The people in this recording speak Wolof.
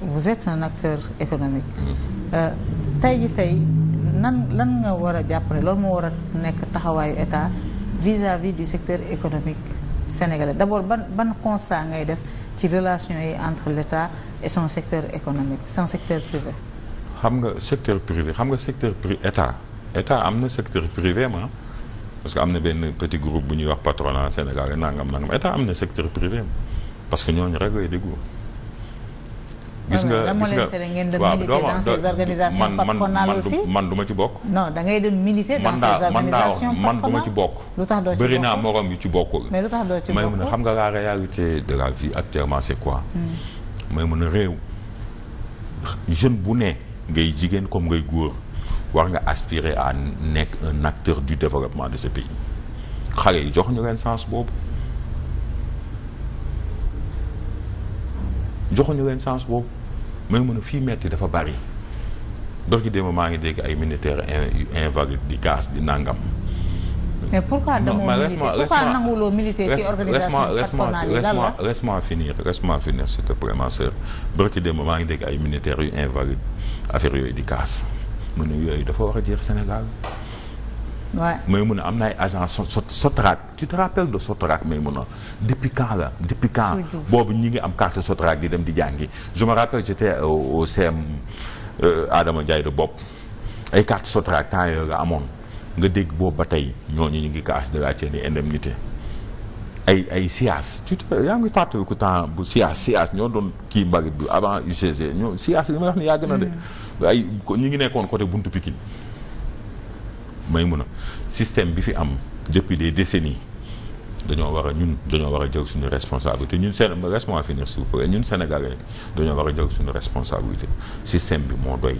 vous êtes un acteur économique mm-hmm. euh, tey ji tey nan lan nga war a jàppale loolu moo war a nekk taxawaayu état vis-à-vis du secteur économique sénégalais d'abord ban ban constat ngay def ci relation yi entre l'état et son secteur économique son secteur privé xam nga secteur privé xam nga secteur privé état état am na secteur privé ma parce que am na benn petit groupe bu ñuy wax patronat Sénégal nangam nangam état am na secteur privé parce que ñooñu rek lay déglu gis nga gis nga waaw man man man du ma ci bokk. non da ngay dem militer dans ces organisations man du ma ci bokk. lu tax doo ci bokk bëri naa morom yu ci bokkul. bokk may mun a xam nga la réalité de la vie actuellement c'est quoi. Hmm. may mun a réew jeune bu ne ngay jigéen comme ngay góor war nga aspirer à nekk un acteur du développement de ce pays xale yi jox ñu leen sens boobu. joxuñu leen sens boobu may mën a fii metti dafa bari dorki démb maa ngi dégg ay militaire invalide di gaz di nangam. mais pourquoi demoo militaire pourquoi nanguloo militaire ci organisation patronale yi lan la laisse-moi finir laisse-moi finir s'il te maa ngi dégg ay militaires yu invalide affaire yooyu di gaz mu ne yooyu dafa wax a jeex Sénégal. mun Maïmouna am na ay agent so Sotrac tu te rappelles de Sotrac Maïmouna depuis quand la depuis quand boobu ñi ngi am carte Sotrac di dem di jàngi je me rappelle j'étais au CM euh, Adama de bopp ay carte Sotrac temps yooyu nga amoon nga dégg boobu ba tey ñooñu ñu ngi casse de la seeni indemnité ay ay sias tu te yaa ngi fàttaliku temps bu sias sias ñoo doon kii mbalit bi avant UCG ñoo sias li may wax ni yàgg na de mm. ay ñu ngi nekkoon côté buntu Pikine may mun a système bi fi am depuis des décennies dañoo war a ñun dañoo war a jël suñu responsabilité ñun seen laisse-moi finir s'il vous ñun sénégalais dañoo war a jël suñu responsabilité système bi moo doy.